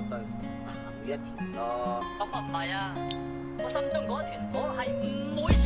每一條咯，咁啊唔係啊，我心中嗰一團火係唔會。